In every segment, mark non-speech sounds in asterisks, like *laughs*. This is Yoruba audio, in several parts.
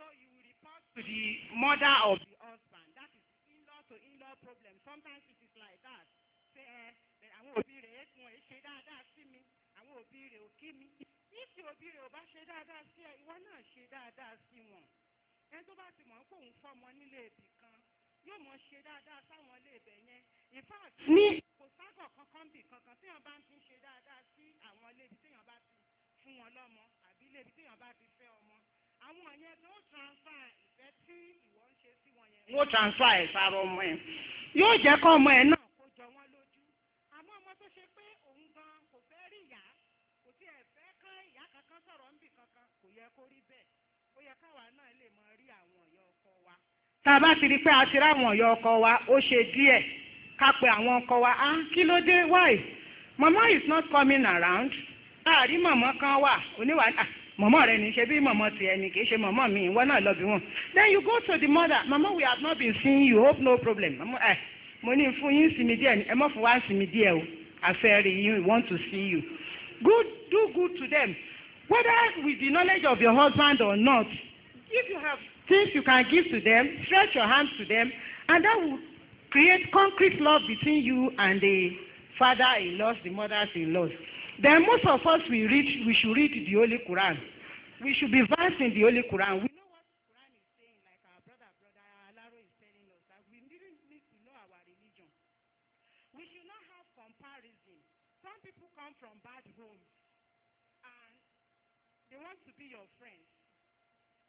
So you will report to the mother of the husband. That is in-law to in-law problem. Sometimes it is like that. Say, eh, àwọn òbí rẹ̀ wọ́n ṣe dáadáa sí mi. Àwọn òbí rẹ̀ ò kí mi. Níṣì òbí rẹ̀ ò bá ṣe dáadáa sí ẹ, ìwọ náà ṣe dáadáa sí wọn. Ẹni tó bá ti mọ̀ pé òun fọ́mọ nílé ibì kan, yóò mọ̀ ṣe dáadáa sáwọn ilé ibẹ̀ yẹn. In fact, ní kò ságọ̀ kankan bì kankan téèyàn bá ń fi ṣe dáadáa sí àwọn ilé ibi téèyàn bá ti fún wọn lọ́mọ àbí ilé ibi téèyàn bá ti fẹ́ ọmọ àwọn yẹn tó transfer ìfẹ́ tí ìwọ ń ṣe sí wọn yẹn. wọ́n transfer ẹ̀ sára ọmọ ẹ̀ yóò jẹ́ kọ́ ọmọ ẹ̀ náà kó jọ wọ́n lójú àmọ́ ọmọ tó ṣe pé òun gan kò fẹ́ rí ìyá kò tiẹ̀ fẹ́ kán ìyá kankan sọ̀rọ̀ ńbì kankan kò yẹ kó rí bẹ́ẹ̀ ó yẹ káwa náà lè mọ rí àwọn ọ̀yọ́ ọkọ wa. tá a bá ti rí i pé a ti rí àwọn ọ̀yọ́ ọkọ wa ó ṣe díẹ̀ ká pe àwọn ọkọ wa á ah, kí ló dé why mama is not coming around láàrin ah, mọ̀mọ́ kan wà oníwà Mama, rẹ ní ṣe bí mama ti ẹni kì í ṣe mọ̀mọ́ mi ìwọ náà lọ bí wọn. then you go to the mother mama we have not been seeing you hope no problem mama ẹ eh, mo ní fún yín sinmi díẹ̀ ni ẹ má fún wa sinmi díẹ̀ o àfẹ́rí yín we want to see you good do good to them whether with the knowledge of your husband or not if you have things you can give to them stretch your hand to them and that will create concrete love between you and the father-in-laws the mothers-in-laws. Then most of us, we read, we should read the Holy Quran. We should be versed in the Holy Quran. We know what the Quran is saying, like our brother, brother Alaro is telling us, that we didn't need to know our religion. We should not have comparison. Some people come from bad homes, and they want to be your friends.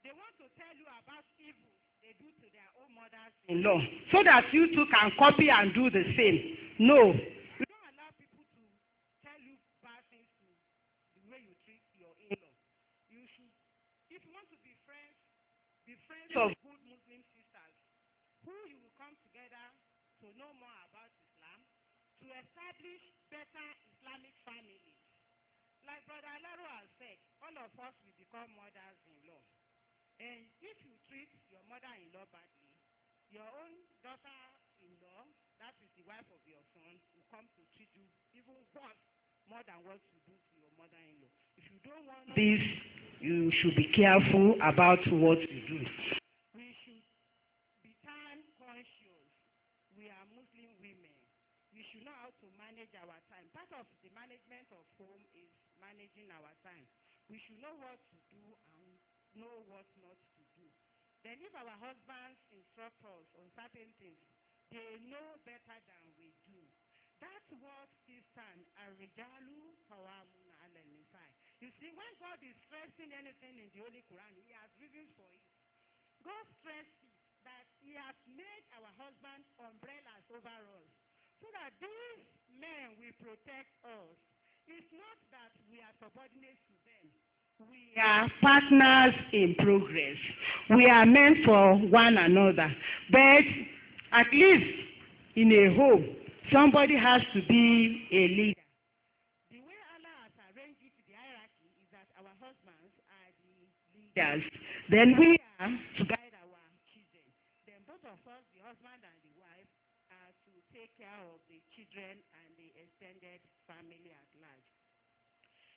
They want to tell you about evil they do to their own mothers in law, so that you too can copy and do the same. No. community of good Muslim sisters who you will come together to know more about Islam, to establish better Islamic families. Like Brother Alaro has said, all of us will become mothers-in-law. And if you treat your mother-in-law badly, your own daughter-in-law, that is the wife of your son, will come to treat you even worse more than what you do to your mother-in-law. If you don't want this, you should be careful about what you do. management of home is managing our time. We should know what to do and know what not to do. Then if our husbands instruct us on certain things, they know better than we do. That's what Christian Arigalu, Hawamuna al You see, when God is stressing anything in the Holy Quran, He has reasons for it. God stresses that He has made our husbands umbrellas over us so that these men will protect us It's not that we are subordinate to them. We are partners in progress. We are meant for one another. But at least in a home, somebody has to be a leader. leaders, then we are to guide our children. Then both of us, the husband and the wife, are to take care of the children and the extended family as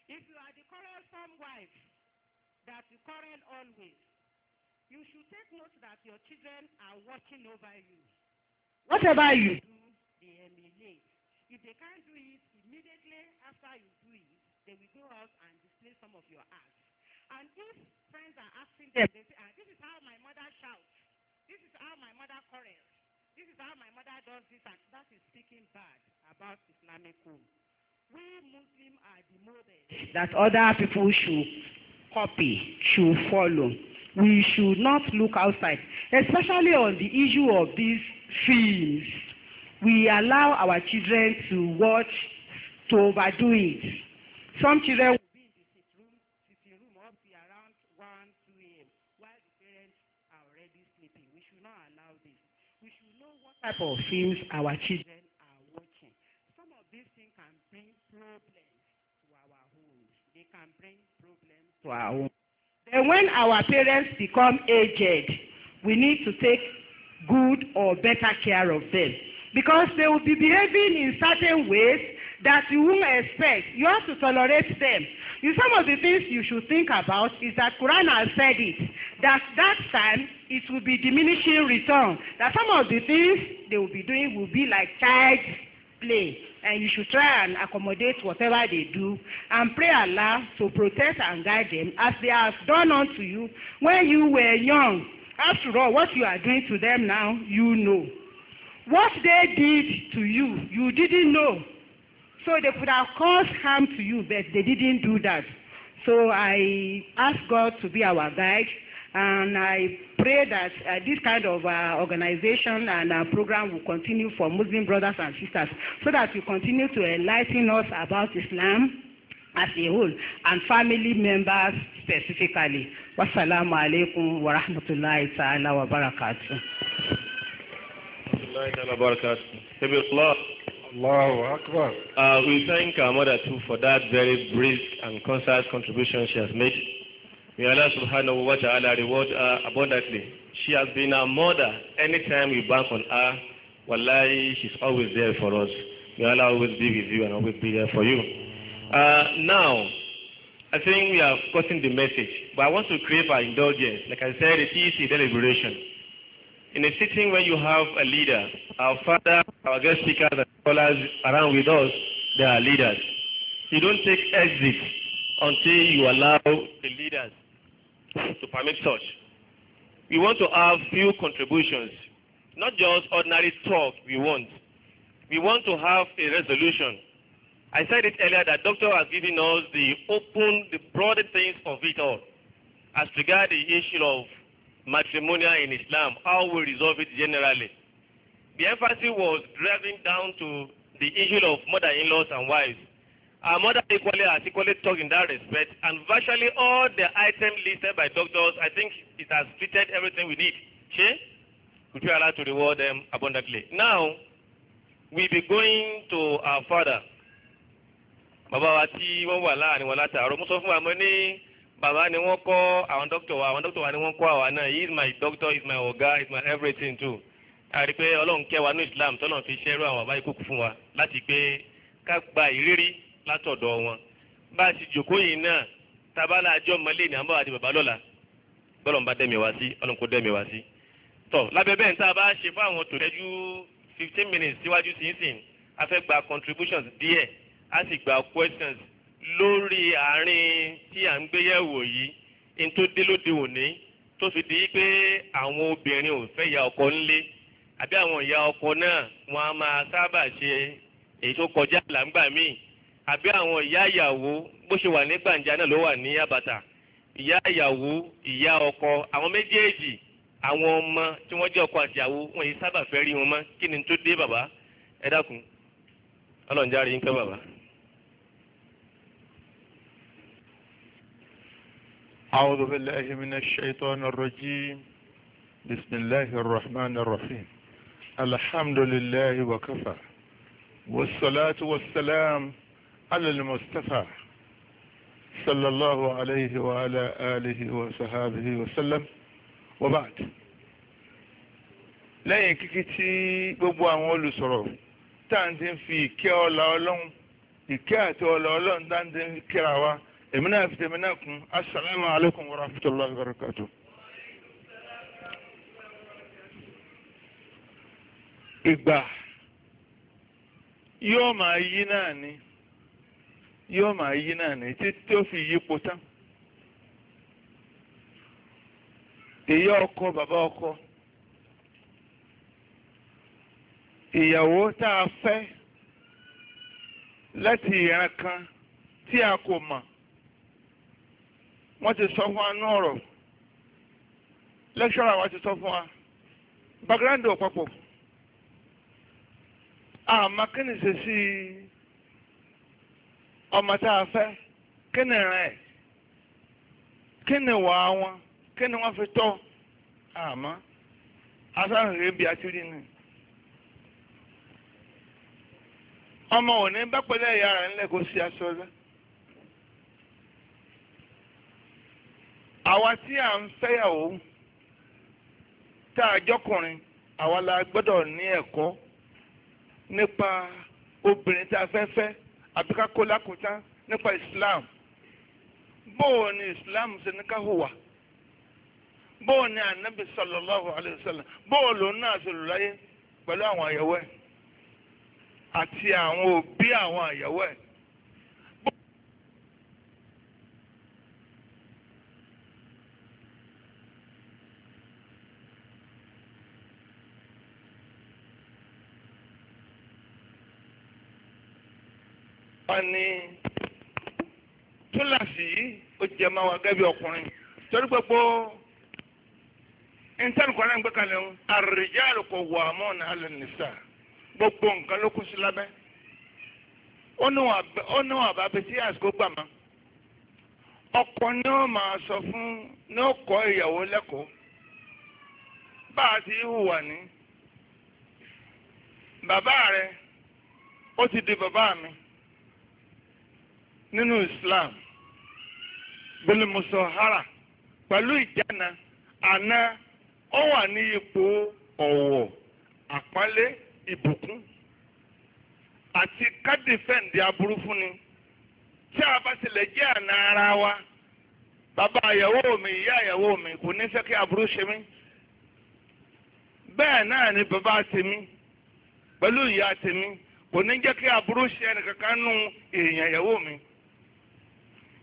If you are the quarrelsome wife that you quarrel always, you should take note that your children are watching over you. What about you do, they emulate. If they can't do it immediately after you do it, they will go out and display some of your acts. And if friends are asking them, they say, ah, this is how my mother shouts. This is how my mother quarrels. This is how my mother does this and that is speaking bad about Islamic home that other people should copy, should follow. We should not look outside, especially on the issue of these films. We allow our children to watch, to overdo it. Some children will be in the sitting room, sitting room up to around 1, 2 a.m. while the parents are already sleeping. We should not allow this. We should know what type of films our children to our home. Then when our parents become aged, we need to take good or better care of them because they will be behaving in certain ways that you won't expect. You have to tolerate them. You, some of the things you should think about is that Quran has said it, that that time it will be diminishing return, that some of the things they will be doing will be like child play and you should try and accommodate whatever they do and pray Allah to protect and guide them as they have done unto you when you were young. After all, what you are doing to them now, you know. What they did to you, you didn't know. So they could have caused harm to you, but they didn't do that. So I ask God to be our guide And I pray that uh, this kind of uh, organization and uh, program will continue for Muslim brothers and sisters so that you continue to enlighten us about Islam as a whole and family members specifically. Wassalamu alaikum wa rahmatullahi ta'ala wa barakatuh. Allahu Akbar. Uh, we thank our mother too for that very brief and concise contribution she has made. May Allah subhanahu wa ta'ala reward her abundantly. She has been our mother. Anytime we bank on her, wallahi, she's always there for us. May Allah always be with you and always be there for you. Uh, now, I think we have gotten the message, but I want to crave our indulgence. Like I said, it is a deliberation. In a sitting where you have a leader, our father, our guest speakers, and scholars around with us, they are leaders. You don't take exit until you allow the leaders to permit such. We want to have few contributions, not just ordinary talk we want. We want to have a resolution. I said it earlier that doctor has given us the open, the broader things of it all. As regard the issue of matrimonial in Islam, how we resolve it generally. The emphasis was driving down to the issue of mother-in-laws and wives. Our mother equally has equally talked in that respect, and virtually all the items listed by doctors, I think it has treated everything we need. Okay? Could we allowed to reward them abundantly? Now, we be going to our father. Bàbá wa tí wọ́n wà láàrin wọn látàárọ̀, mo sọ fún wa mo ní bàbá ni wọ́n kọ́ àwọn dókítà wa, àwọn dókítà wa ni wọ́n kọ́ àwa náà, he is my doctor, he is my ọ̀gá, he is my everything too. A rí pé Ọlọ́run kẹ́ wa ní Islam tọ́lọ́run fi ṣẹ́rú àwọn àbá ikú fún wa láti pé ká gba ìrírí látọ̀dọ̀ wọn bá a sì jòkó yìí náà tabala àjọ mọ́lẹ̀ ní àbáwá àti bàbá lọ́la bọ́lọ̀mù bá dẹ́mi wá sí ọlọ́run kò dẹ́mi wá sí. tọ́ lábẹ́ bẹ́ẹ̀ tá a ṣe fún àwọn tó tẹ́jú fifteen minutes síwájú sínsìn a fẹ́ gba contributions díẹ̀ a sì gba questions lórí àárín tí à ń gbé yẹ̀wò yìí ní tó dé lóde òní tó fi di pé àwọn obìnrin ò fẹ́ ya ọkọ ńlé àbí àwọn ìyá ọkọ náà wọn a máa sábà ṣe èyí tó kọjá làǹgbà míì àbí àwọn ìyá ìyàwó bó ṣe wà ní gbàǹjà náà ló wà ní àbàtà ìyá ìyàwó ìyá ọkọ àwọn méjèèjì àwọn ọmọ tí wọ́n jẹ́ ọkọ àti ìyàwó wọn yìí sábà fẹ́ rí wọn mọ́ kí ni tó dé bàbá ẹ dákun ọlọ́njà rí yín bàbá. أعوذ بالله من الشيطان الرجيم بسم الله الرحمن الرحيم الحمد لله وكفى والصلاة والسلام على المصطفى صلى الله عليه وعلى آله وصحبه وسلم وبعد لأن كتي ببوا مولو سرو تانتين في كي أولا أولون كي أولا أولون تانتين في كي أولا أولون إمنا فتمناكم السلام عليكم ورحمة الله وبركاته إباح يوم أيناني yóò máa yí náà ní títí tó fi yípo tán ìyá ọkọ bàbá ọkọ ìyàwó tá a fẹ́ láti ìran kan tí a kò mọ̀ wọ́n ti sọ fún wa ní ọ̀rọ̀ lẹ́kṣọ́rà wa ti sọ fún wa background ọ̀pọ̀pọ̀ àmọ́ kí ni ṣe sí i. ọmọ tá a fẹ́ kí ni rẹ̀ kí ni wà á wọn kí ni wọ́n fi tọ́ àmọ́ asáhùnrè bí atúrí ni. ọmọ òní bá pẹ̀lẹ́ ìyá rẹ̀ ńlẹ̀ kó sí aṣọ rẹ̀. àwa tí à ń fẹ́yàwó tá a jọkùnrin àwa la gbọ́dọ̀ ní ẹ̀kọ́ nípa obìnrin tá a fẹ́ fẹ́. àbí ká kó lákòótán nípa Islam bóò ni Islam ṣe ní ká hùwà bóò ni anabi sallallahu alayhi wa sallam bóò lòun náà ṣe lò pẹ̀lú àwọn àyẹ̀wò ẹ̀ àti àwọn òbí àwọn àyẹ̀wò ẹ̀ wọn ní túláàsì o ó jẹ máa wà gẹ́gẹ́ bí ọkùnrin torí gbogbo intanukọ̀ọ́nà gbẹ́kalẹ̀ ń ar-rijalu qawwamuna 'ala an-nisaa gbogbo nǹkan ló kú sí lábẹ́ ó ní wọn àbá bẹsí àsìkò gbà má ọkọ ni ó máa sọ fún ní ó kọ́ ìyàwó lẹ́kọ̀ọ́ bá a ti hùwà ní bàbá rẹ ó ti di bàbá mi. nínú Islam bilimusahara pẹ̀lú ìjánà àná ó wà ní ipò ọ̀wọ̀ àpọ́nlé ìbùkún àti kádìfẹ́ǹdì aburú fún ni tí a bá tilẹ̀ jẹ́ àná ara wa bàbá àyàwó mi ìyá àyàwó mi kò ní fẹ́ kí aburú ṣe mí bẹ́ẹ̀ náà ni bàbá tèmi pẹ̀lú ìyá tèmi kò ní jẹ́ kí aburú ṣe ẹnìkankan nù èèyàn àyàwó mi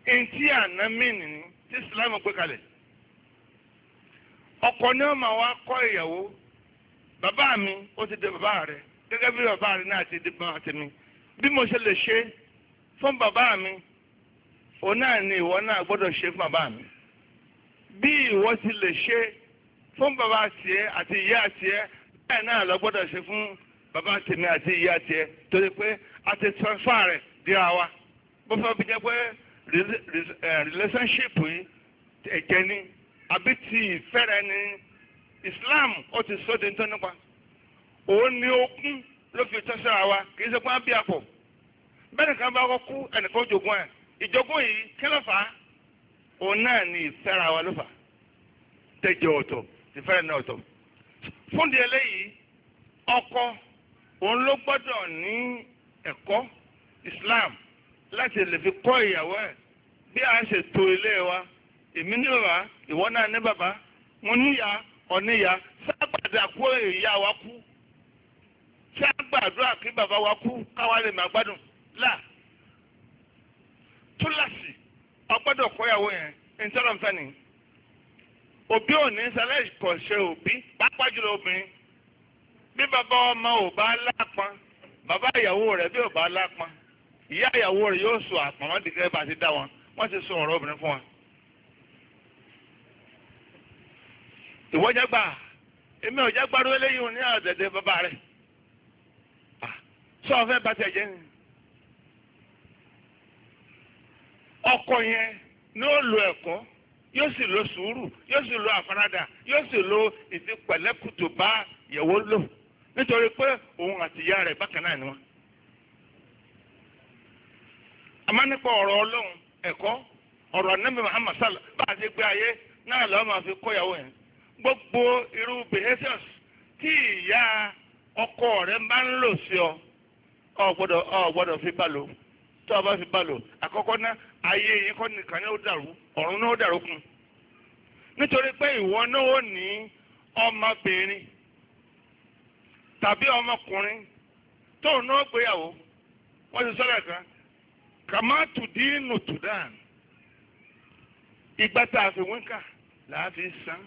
ntí àná mìíní ni tí Islam gbé kalẹ̀ ọkọ ní ọmọ wa kọ́ ìyàwó bàbá mi ó ti di bàbá rẹ gẹ́gẹ́ bí bàbá rẹ náà ti di bàbá tèmi bí mo ṣe lè ṣe fún bàbá mi òun náà ni ìwọ náà gbọ́dọ̀ ṣe fún bàbá mi bí ìwọ ti lè ṣe fún bàbá tiẹ̀ àti ìyá tiẹ̀ bẹ́ẹ̀ náà lọ gbọ́dọ̀ ṣe fún bàbá tèmi àti ìyá tiẹ̀ torí pé a ti transfer rẹ̀ dira wa bó fẹ́ bí jẹ́ pé. Eh, relationship ẹ̀jẹ̀ ni àbí ti ìfẹ́rẹ̀ ni Islam ó ti sọ de nítorí nípa òun ni ó kún ló fi tọ́ sára wa kì í ṣe pé á bí apọ̀ bẹ́ẹ̀ nìkan bá kọ́ kú ẹnìkan jogún ẹ̀ ìjogún yìí kí ló fà á òun náà ni ìfẹ́ra wa ló fà á tẹ̀jẹ̀ ọ̀tọ̀ ìfẹ́rẹ̀ náà ọ̀tọ̀ fúndì eléyìí ọkọ òun ló gbọ́dọ̀ ní ẹ̀kọ́ Islam láti lè fi kọ́ ìyàwó ẹ̀ bí a ṣe tò ilé wa èmi ní bàbá ìwọ náà ní bàbá mo níyà ọ̀níyà sábàdà kó ìyá wa kú sábàdúrà kí bàbá wa kú káwa lè má gbádùn là túláàsì ọgbọ́dọ̀ kọ́yàwó yẹn ìtọ́lọ̀ nfẹ́ ni òbí òní sálẹ̀ ìkọ̀ṣẹ́ òbí pápá jùlọ obìnrin bí bàbá ọmọ ò bá lápọn bàbá ìyàwó rẹ̀ bí ò bá lápọn ìyá ìyàwó rẹ̀ yóò sọ àpamọ́ dìgẹ́ bá ti dá wọn wọ́n ti sọ ọ̀rọ̀ obìnrin fún wọn. ìwọ́jàgbà èmi ọ̀jà gbàdúrà eléyìí ní àdẹ̀dẹ̀ bàbá rẹ̀ sọ fẹ́ bá tẹ̀ jẹ́ ni. ọkọ yẹn ní ó lo ẹ̀kọ́ yóò sì lo sùúrù yóò sì lo àfaradà yóò sì lo ìdí pẹ̀lẹ́kùtù bá ìyàwó lò nítorí pé òun àti ìyá rẹ̀ bákan náà ni wọ́n. àmọ́ nípa ọ̀rọ̀ ọlọ́run ẹ̀kọ́ ọ̀rọ̀ anábì Muhammad sall bá a ti gbé ayé náà lọ́wọ́ máa fi kọ́yàwó yẹn gbogbo irú behaviors tí ìyá ọkọ rẹ máa ń lò sí ọ ọ ọgbọdọ ọ fi bá lò tó o bá fi bá lò àkọ́kọ́ ná ayé yẹn kọ́ nìkan ní ó dàrú ọ̀run náà ó dàrú kún nítorí pé ìwọ náà ó ní ọmọbìnrin tàbí ọmọkùnrin tóun náà gbéyàwó wọ́n ti sọ́lẹ̀ kan Kama tùdínù tùdán ìgbà tá a fi wíńkà là á fi san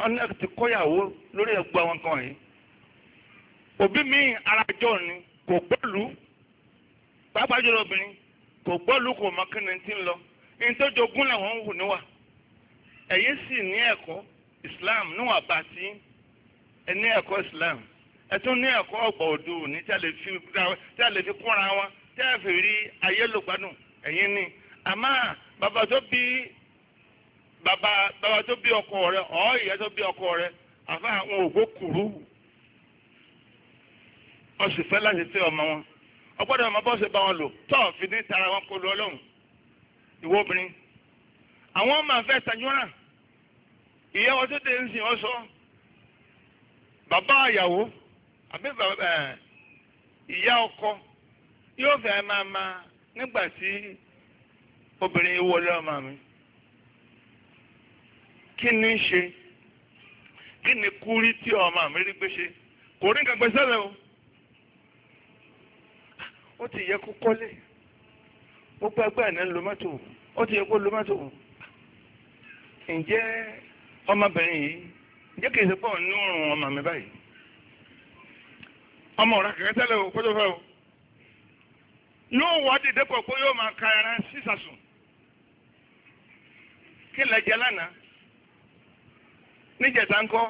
ọ̀nà ti kọ́yàwó lórí ẹ̀gbọ́ àwọn kan yìí òbí mi arajọ́ ni kò gbọ́lù pàápàá jùlọ obìnrin kò gbọ́lù kò mọ kí ni ti lọ ní làwọn ń hù níwà ẹ̀yin sì ní ẹ̀kọ́ Islam níwọ̀n àbàtì ẹ̀ ní ẹ̀kọ́ Islam ẹ̀ tún ní ẹ̀kọ́ ọ̀gbọ̀n òdu ní tí a lè fi kúnra wọn tẹ́ ẹ fi rí ayé lò gbanú ẹ̀yin ni àmọ́ bàbá tó bí bàbá bàbá tó bí ọkọ rẹ ọ̀ ìyá tó bí ọkọ rẹ àfa àwọn ògbó kùrú ọsùn fẹ́ láti tẹ ọmọ wọn ọgbọ́dọ̀ ọmọ bọ́ọ̀sì bá wọn lò tọ́ fi ní tara wọn kó lu ọlọ́run ìwọ obìnrin àwọn ọmọ àfẹ́ tajúrà ìyá wọn tó dé ń sìn ọ bàbá àyàwó àbí bàbá ìyá ọkọ yóò fẹ́ máa ma nígbà tí obìnrin yìí wọlé ọmọ mi kí ni í ṣe kí ni kúrí tí ọmọ mi rí gbé ṣe kò rí nǹkan gbèsè rẹ o ó ti yẹ kó kọ́lé gbogbo ẹgbẹ́ ẹ̀ ní lo ó ti yẹ kó lo ǹjẹ́ ọmọbìnrin yìí ǹjẹ́ kì ṣe pọ̀ nínú ọmọ mi báyìí ọmọ ọ̀rá kẹ̀kẹ́ tẹ́lẹ̀ o kótó fẹ́ o. n'ụwa dị dìde pọ̀ pé yóò máa ka ẹran sísàsùn kí lẹ jẹ lánàá níjẹta ńkọ́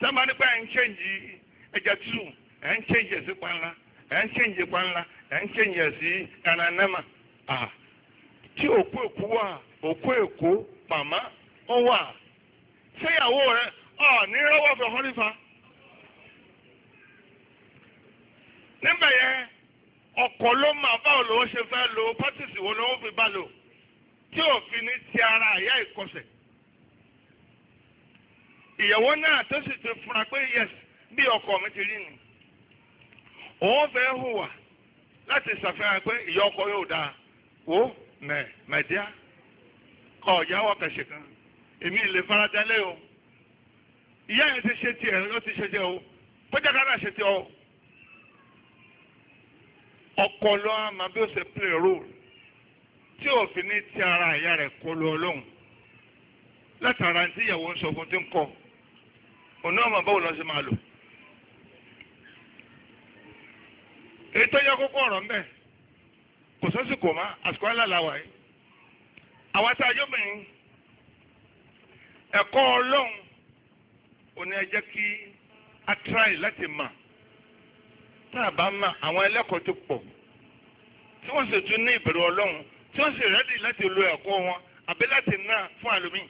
sábàánípa ẹ̀ ń ṣèǹjì ẹja tù ẹ̀ ń ṣèǹjì ẹ̀sìn panla ẹ̀ ń ṣèǹjì panla ẹ̀ ń ṣèǹjì ẹ̀sìn kananama tí òkú èkó wà òkú èkó màmá ó wà ọ ní rọwọ́ ọ̀pọ̀ ló máa báwo lòun ṣe fẹ́ lo pọ́tìsì wo lòun fi bá lò tí òfin ní ti ara àyà ìkọsẹ̀ ìyàwó náà tó sì ti fura pé yes bí ọkọ mi ti rí ni òun fẹ́ hùwà láti ṣàfihàn pé ìyá ọkọ yóò dáa wò mẹ mẹdíà kọ ìyàwó kẹsì kan èmi lè faradà lé o ìyá yẹn ti ṣe tiẹ̀ ló ti ṣe tiẹ̀ o pẹ́jà kan ṣe tiẹ̀ o ọpọlọ àmà bí ó ṣe play role tí òfin ní ti ara ìyá rẹ̀ kọ lu ọlọ́run látara tí ìyàwó ń sọ fún tí ń kọ òun náà mà báwo lọ sí máa lò. ètò yẹ kókó ọ̀rọ̀ ń bẹ̀ kò má àsìkò alálàwà yìí àwọn tá a yọ̀bìnrin ẹ̀kọ́ ọlọ́run òun ni ẹ jẹ́ kí a try láti mà tá a bá mọ àwọn ẹlẹ́kọ̀ọ́ tó pọ̀ tí wọ́n sì tún ní ìbẹ̀rù ọlọ́run tí wọ́n sì rẹ́dì láti lo ẹ̀kọ́ wọn àbí láti náà fún àlùmíì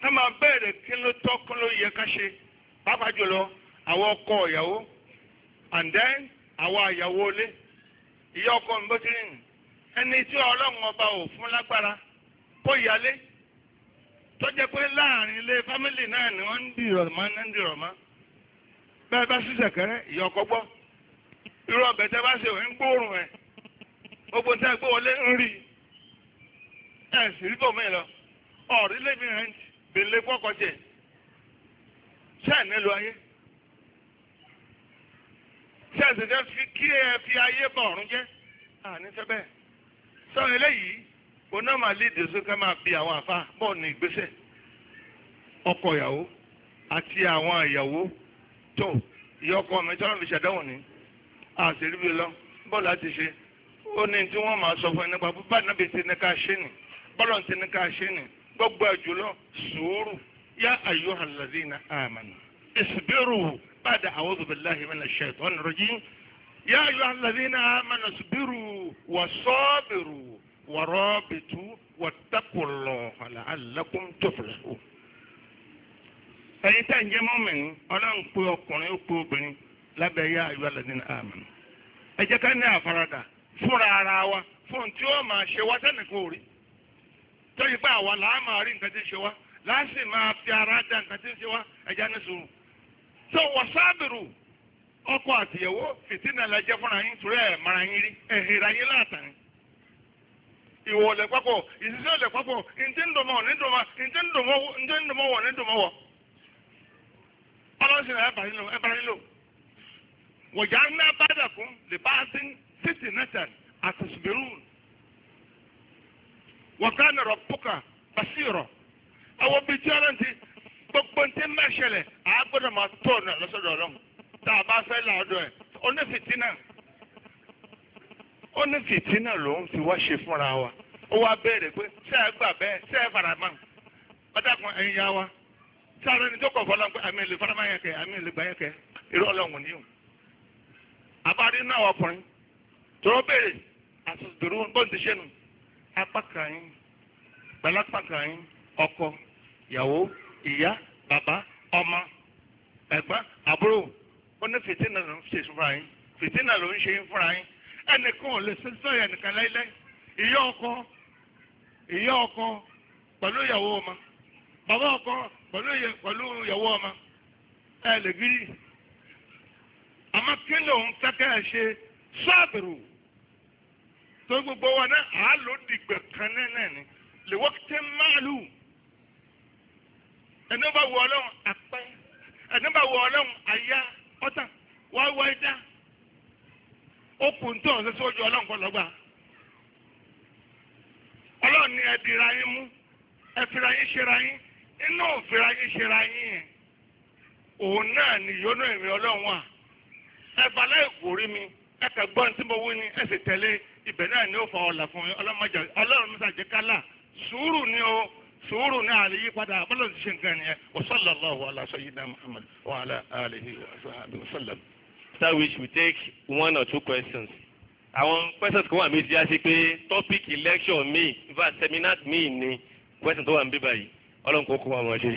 ká máa bẹ̀rẹ̀ kí ló tọ́ kí ló yẹ ká ṣe pàápàá jùlọ àwọn ọkọ ìyàwó and àwọn àyàwó ilé ìyá ọkọ mi bó ti rìn ẹni tí ọlọ́run ọba ò fún lágbára kó yálé tó pé láàrin ilé fámìlì náà ni wọ́n ń dìrọ̀ mọ́ ń dìrọ̀ mọ́ bẹ́ẹ̀ bá ṣiṣẹ́ kẹrẹ́ ìyọkọ gbọ́ irú ọbẹ̀ tẹ́ bá ṣe ń gbóòórùn ẹ̀ gbogbo tẹ́ gbé wọlé ń rí ẹ̀ sì rí bòmí lọ ọ̀rí lẹ́bi rẹ̀ bèlè kọ́kọ́ jẹ ṣáà nílò ayé ṣáà sì fẹ́ fi kí ẹ fi ayé bọ̀ ọ̀run jẹ́ àní fẹ́ bẹ́ẹ̀ sọ eléyìí kò máa lé ìdèso ká máa bi àwọn àfa bọ́ọ̀ ìgbésẹ̀ ọkọ ìyàwó àti àwọn ìyàwó tó ìyá ọkọ mi tọ́lá mi ṣàdánwò ni àṣírí bí lọ bọ́ọ̀lù àti ṣe ó ní tí wọ́n máa sọ fún ẹ nípa bá nàbì ti ní ká ṣe nì bọ́ọ̀lù ti ní ká ṣe nì gbogbo àjùlọ sùúrù yá ayyuhal ladhina amanu isbiru ba'da a'udhu billahi minash shaitanir rajim yá ayyuhal ladhina amanu isbiru wasabiru warabitu wattaqullaha la'allakum tuflihun. Eyi tá ń jẹ́ mọ́mìn ọlọ́run pé ọkùnrin ó pé obìnrin lábẹ́ yá ayọ́ alẹ́dínà àmín ẹ jẹ́ ká ní àfaradà fúnra ara wa fún tí ó máa ṣe wá sẹ́nìkan ò rí tọ́yìn pé àwa làá máa rí nǹkan tí ń ṣe wá làá sì máa fi ara dá nǹkan tí ń ṣe wá ẹja ní sùúrù tó wọ́n sábìrù ọkọ àtìyàwó fìtínà lẹ́jẹ́ fúnra yín torí mara ọlọ́run sì rẹ̀ ẹ̀bà nílò ẹ̀bà nílò wọ̀jà ń ná bàdà fún lè bá a sí títì náà àtẹ̀sùbẹ̀rù wọ̀gá nọ̀rọ̀ púkà pàṣẹ rọ̀ àwọn bíi tí ọlọ́run ti gbogbo ní ti ń máa ṣẹlẹ̀ máa tó ọ̀nà lọ́sọ̀dọ̀ ọlọ́run tá a bá fẹ́ làádọ́ ẹ̀ onífìtínà onífìtínà lòun ti wá ṣe fúnra wa ó wá béèrè pé ṣé ẹ gbà bẹ́ẹ̀ ṣé ẹ fara mọ́ sáré ni tó kọ̀ fọlọ́n pé àmì ìlú fọlọ́n yẹn kẹ àmì ìlú gbà yẹn kẹ irú ọlọ́run ni o. àbárí náà ọkùnrin tóró béèrè àtúndòrò bóńdíṣẹ́nu apákàáyín pẹ̀lápákàáyín ọkọ ìyàwó ìyá bàbá ọmọ ẹ̀gbọ́n àbúrò ó ní fìtínà ló ń ṣe fúnra yín fìtínà ló ń ṣe fúnra yín ẹnìkan ò lè ṣe sọ́yà nìkan láíláí ìyá ọkọ ìyá ọkọ pẹ̀lú ìyàwó ọmọ bàbá ọkọ pẹ̀lú ìyàwó ọmọ ẹ lè gírí àmọ́ kí lòun kẹ́kẹ́ ẹ ṣe sábìrù tó gbogbo wa náà àá ló dìgbẹ̀ kan náà ni lè wọ́n ti máàlù ẹni bá wọ ọlọ́run àpẹ́ ẹni bá wọ ọlọ́run àyà ọ̀tà wáwá ẹ̀dá ó kù ń tọ̀ ọ́ sẹ́sẹ́ ojú ọlọ́run kọ́ lọ́gbà ọlọ́run ni ẹ dìra yín mú ẹ fira yín ṣera yín nínú òfìrà yín ṣera yín yẹn òun náà ni yónú ìrìn ọlọ́run wà ẹ balẹ̀ èkó rí mi ẹ kà gbọ́n tí mo wí ni ẹ sì tẹ̀lé ibẹ̀ náà ni ó fa ọ̀là fún yín ọlọ́mọdé ọlọ́run mi sàjẹ́ kálá sùúrù ni o sùúrù náà àlè yí padà abọ́lọ́ ti ṣe nǹkan nìyẹn wa sallallahu ala sayyidina Muhammad wa ala alihi wa sahbihi wa sallam. after which we take one or two questions. àwọn questions kan wà mí di á sí pé tọ́pìkì lecture mi in fact seminar mi ni question tó wà ń bí báyìí ọlọ́run kò kó wa wọlé.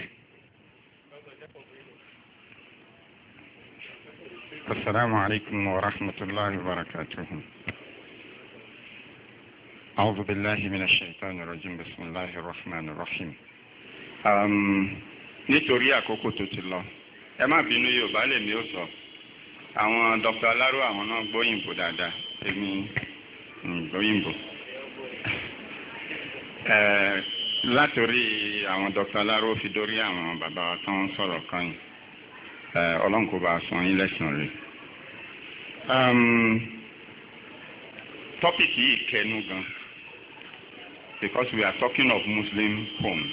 السلام عليكم ورحمة الله وبركاته أعوذ بالله من الشيطان الرجيم بسم الله الرحمن الرحيم nítorí àkókò tó ti lọ ẹ má bínú Yorùbá lèmi ó sọ àwọn Dr. Aláró àwọn náà gbóyìnbó dáadáa èmi gbóyìnbó *laughs* eh, látòrí àwọn dr aláró fi dórí àwọn bàbá tó ń sọ̀rọ̀ kan yìí ọlọ́run kò bá san yín lẹ́sàn-án rẹ̀. tọ́pìkì yìí kẹnu gan because we are talking of Muslim home.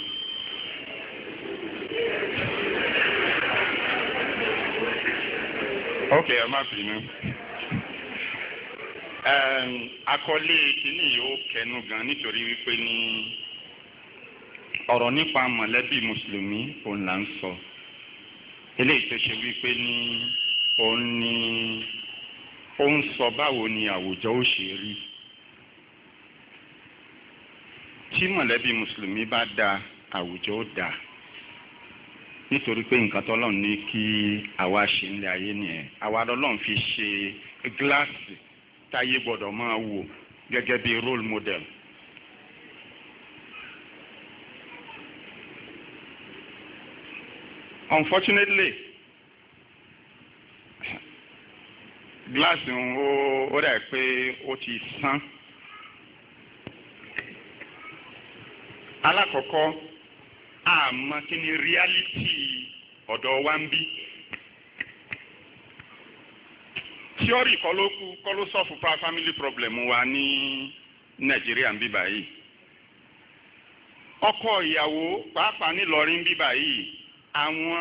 ok ẹ má bínú akọlé kìíní yìí ó kẹnu gan nítorí wípé ní. Ni ọ̀rọ̀ nípa mọ̀lẹ́bí mùsùlùmí òun là ń sọ eléyìí tó ṣe wípé ní òun ni ó ń sọ báwo ni àwùjọ ó ṣe rí tí mọ̀lẹ́bí mùsùlùmí bá da àwùjọ ó da nítorí pé nǹkan tọ́lọ́run ní kí àwa ṣe nílé ayé nìyẹn àwa lọ́lọ́run fi ṣe gíláàsì táyé gbọ́dọ̀ máa wò gẹ́gẹ́ bí role model unfortunately gíláàsì ó dà pé o ti san. alákọ̀ọ́kọ́ a kí ni reality ọ̀dọ̀ wa ń bí. tíọ́rì kọ́ ló kú kọ́ pa family problem wa ni nàìjíríà n bí ọkọ ìyàwó pàápàá nílọrin ń bí báyìí àwọn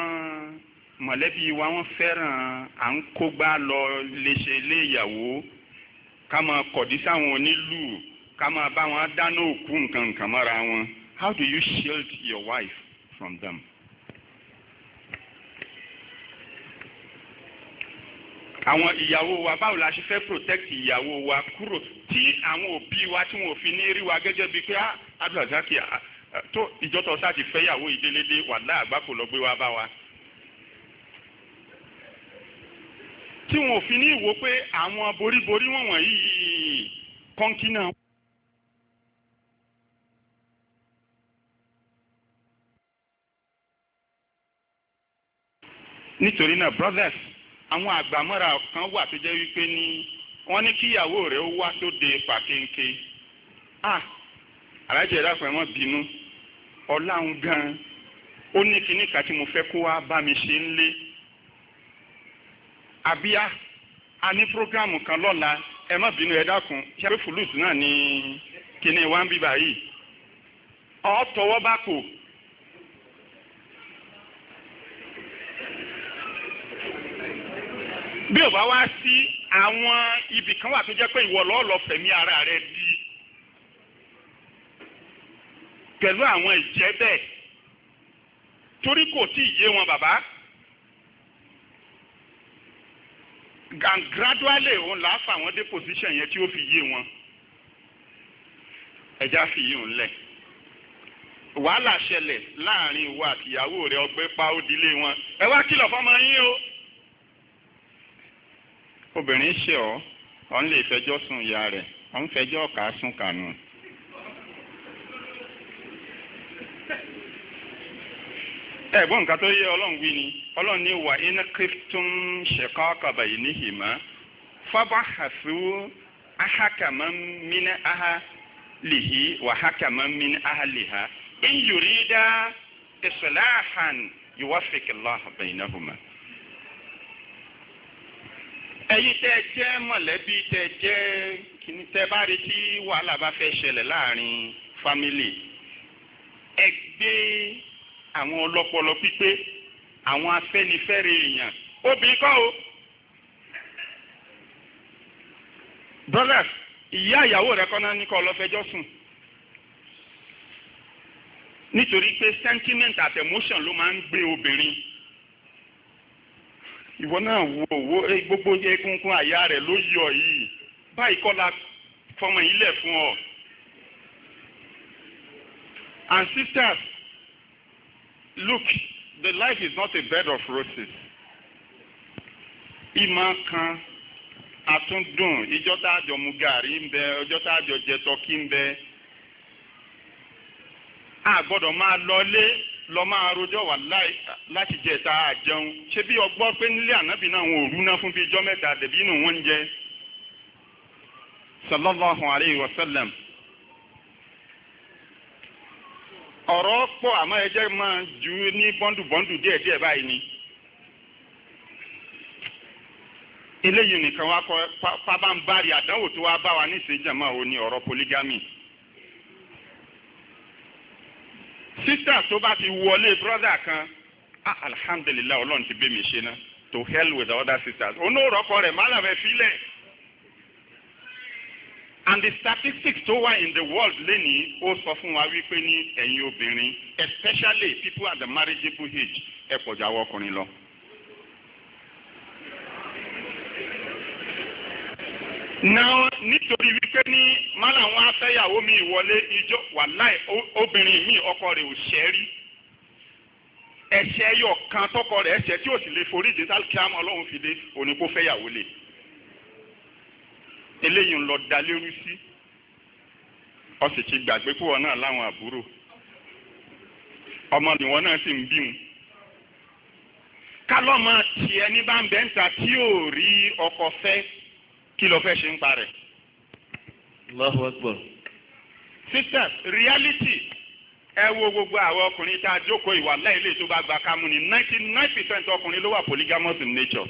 mọ̀lẹ́bí wa wọ́n fẹ́ràn à ń kógbá lọ léṣe ilé ìyàwó ká máa kọ̀dí sáwọn onílù ká máa bá wọn dáná òkú nǹkan nǹkan mọ́ra wọn how do you shield your wife from them? àwọn ìyàwó wa báwo la ṣe fẹ́ protect ìyàwó wa kúrò tí àwọn òbí wa tí wọn ò fi ní rí wa gẹ́gẹ́ bíi pé ah abdulrasaq tó ìjọ́tọ̀ sáà ti fẹ́yàwó ìdélédé wà láà àgbákò lọ gbé wá bá wa. tí wọn ò fi ní ìwò pé àwọn boríborí wọ̀nwọ̀n yìí kọ́ńkí náà. nítorí náà brothers àwọn àgbàmọ́ra kan wà tó jẹ́ wípé ní wọ́n ní kíyàwó rẹ̀ ó wá tó de pàkínkè ah alájẹ ìdáfẹ́ wọn bínú ọláhun gan ó ní kinní kan tí mo fẹ́ kó wá bá mi ṣe ń lé àbíá a ní prógráàmù kan lọ́la ẹ má bínú ẹ dákun ṣẹ́fẹ́ fúlùs náà ní kinní wa ń bíbà yìí ọ̀ tọwọ́ bá kò. bí o bá wá sí àwọn ibì wà tó jẹ́ pé ìwọ lọ́ọ́ lọ fẹ̀mí ara rẹ di pẹ̀lú àwọn ìjẹ́ bẹ́ẹ̀ torí kò tí ì yé wọn bàbá and gradually òun là á fà wọ́n dé position yẹn tí ó fi yé wọn ẹja fi yí òun lẹ̀ wàhálà ṣẹlẹ̀ láàrin ìwọ àtìyàwó rẹ ọgbẹ́ pa ó dilé wọn ẹ wá kìlọ̀ fọmọ yín o obìnrin ṣe ọ ọ ń lè fẹjọ́ sùn ìyá rẹ̀ ọ fẹjọ́ ọ̀ka sùn kànú. ẹ̀gbọ́n nǹkan tó yẹ ọlọ́run wí ni ọlọ́run ní wà iná kíftún ṣẹ̀kọ́kọ̀ báyìí níhì mọ́ fábà hàfíwó ahakàmọ́ mìíní aha lìhí wà hákàmọ́ mìíní aha lìhá in yurida islahan yuwafiq Allah bainahuma. ẹ̀yin tẹ́ ẹ jẹ́ mọ̀lẹ́bí tẹ́ ẹ jẹ́ kìnnìtẹ́ bá rí wàhálà bá fẹ́ ṣẹlẹ̀ láàrin fámìlì ẹ gbé àwọn ọlọ́pọlọ pípé àwọn afẹ́nifẹ́re èèyàn obìnrin kọ́ o. brothers ìyá ìyàwó rẹ kọ́ náà ní kọ́ ọlọ́fẹjọ́ sùn nítorí pé sentiment àti emotion ló máa ń gbé obìnrin ìwọ náà wo wo eh, gbogbo egungun àyà rẹ ló yọ yìí báyìí kọ́ la fọmọ yìí lẹ̀ fún ọ. And sisters, look, the life is not a bed of roses. ima kan atundun ijota tá a ojota mu gàrí ń bẹ a jọ máa lọlé lọ máa rojọ́ wà láti jẹ tá a jẹun. Ṣé bí ọgbọ́n pé nílé ànábì náà wọn ò rúná fún bíi ijọ́ mẹ́ta dẹ̀bí inú wọn ń jẹ? ọ̀rọ̀ pọ̀ àmọ́ ẹ jẹ́ máa jù ú ní bọ́ndù-bọ́ndù díẹ̀díẹ̀ báyìí ni. eléyìí nìkan wá kọ pábánbárì àdánwò tó wá bá wa ní ìṣèjàmọ́ ò ní ọ̀rọ̀ polygamy. sísà tó bá ti wọlé brọ́dà kan ah alhamdulilayi ọlọ́run ti bẹ́ mi ṣe ná to hell with the other sisters. onóòrọ́kọ rẹ̀ má làwọn ẹ̀ fílẹ̀ and the statistics tó wà in the world lénìí ó sọ fún wa wípé ní ẹ̀yin obìnrin especially people at the marriageable age ẹ pọ̀jù àwọn ọkùnrin lọ. now nítorí wípé ní mọ́nà àwọn afẹ́yàwó mi ìwọlé ijó wàláì obìnrin mi ọkọ rẹ̀ ò ṣẹ́ rí ẹ̀ṣẹ̀ yọ̀ kan tọkọ rẹ̀ ẹ̀ṣẹ̀ tí ò sì lè forí dé sálkíámù ọlọ́run fi dé òní kó fẹ́yàwó lè eléyìí ń lọ da lérú sí ọ sì ti gbàgbé púpọ̀ náà láwọn àbúrò ọmọ nìwọ náà sì ń bí wọn kálọ́mọ tiẹ̀ ní bá ń bẹ́ ń ta tí ò rí ọkọ fẹ́ kí ló fẹ́ ṣe ń parẹ́. Allahu Akbar. sisters reality ẹ wo gbogbo àwọn ọkùnrin tá a jókòó ìwà láìlè tó bá gba kámú ni ninety nine percent ọkùnrin ló wà polygamous in nature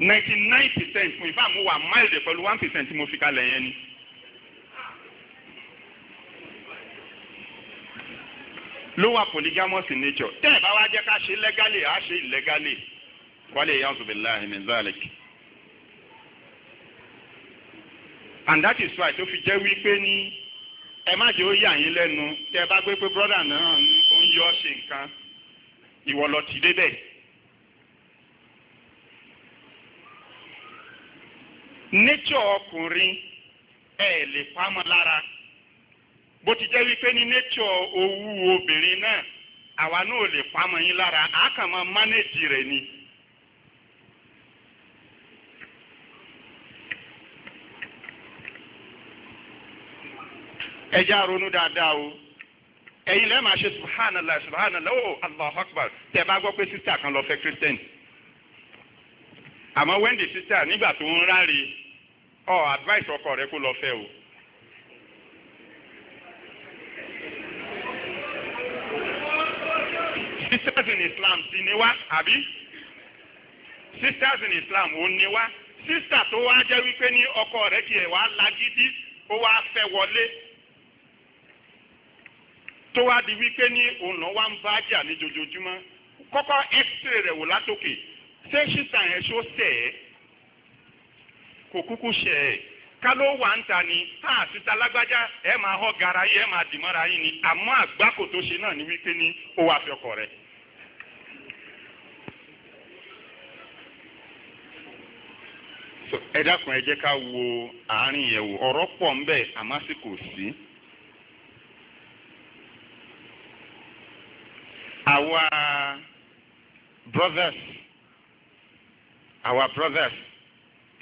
ninety nine percent mo ìfà mo wà mild pẹ̀lú one percent tí mo fi kalẹ̀ yẹn ni. lower polygamous in nature tẹ́ ẹ̀ bá wá jẹ́ ká ṣe legally á ṣe illegally wálé yasu billahi min zalik. and that is why tó fi jẹ́ wípé ní ẹ má jẹ́ ó yà yín lẹ́nu tẹ́ bá gbé pé brọ́dà náà ó ń yọ ọ́ ṣe nǹkan ìwọ lọ ti débẹ̀. nature ọkùnrin ẹ lè pamọ́ lára bó ti jẹ́ wípé ní nature owó obìnrin náà àwa náà lè pamọ́ yín lára a manage rẹ̀ ni. ẹ já ronú dáadáa o ẹ̀yin lẹ́ẹ̀ máa ṣe subhanallah subhanallah o oh, allahu akbar tẹ́ bá gbọ́ pé sísá kan lọ fẹ́ christian àmọ́ wendy sísá nígbà tó ń ráre ọ advice ọkọ rẹ kó lọ fẹ́ o. sisters in Islam ti ní wá àbí sisters in Islam ò ní wá sista tó wá jẹ́ wípé ní ọkọ rẹ̀ tiẹ̀ wá lágídí ó wá fẹ́ wọlé tó wá di wípé ní ọ̀nà wa ń bá jà ní jojoojúmọ́ kọ́kọ́ x-ray rẹ̀ wò látòkè ṣé sista yẹn ṣó sẹ̀ ẹ́. kò kúkú kalo ẹ̀ ká ló ta ni tá gara yìí ẹ máa dì mọ́ra yìí ni àmọ́ àgbákò tó ṣe náà ni wípé ni ó wàá fi ọkọ rẹ. ẹ dákun ẹ jẹ́ ká wo àárín yẹn wò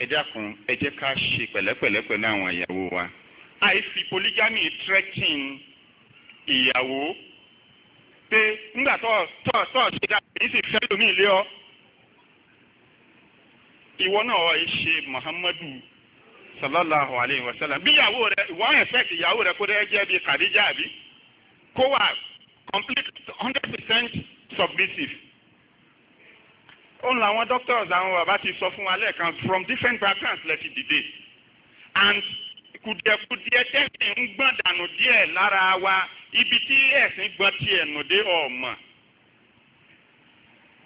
ẹ dákun ẹ jẹ́ ká ṣe pẹ̀lẹ́pẹ̀lẹ́ pẹ̀lú àwọn ìyàwó wa àìsí polygamy threaten ìyàwó pé ńgbà tó tó tó ṣe dáa èyí sì fẹ́ lómi ilé ọ ìwọ náà ẹ ṣe Muhammadu sallallahu alayhi wa sallam bí ìyàwó rẹ ìwọ ń expect ìyàwó rẹ kó dẹ́ jẹ́ bí Khadija àbí kó wà complete hundred percent submissive òun làwọn doctors àwọn bàbá ti sọ fún wa lẹ́ẹ̀kan from different backgrounds lẹ́ ti dìde and kùdìẹ̀kùdìẹ̀ tẹ́sìn ń gbọ́n dànù díẹ̀ lára wa ibi tí ẹ̀sìn gbọ́n tiẹ̀ nù dé ọ̀mọ̀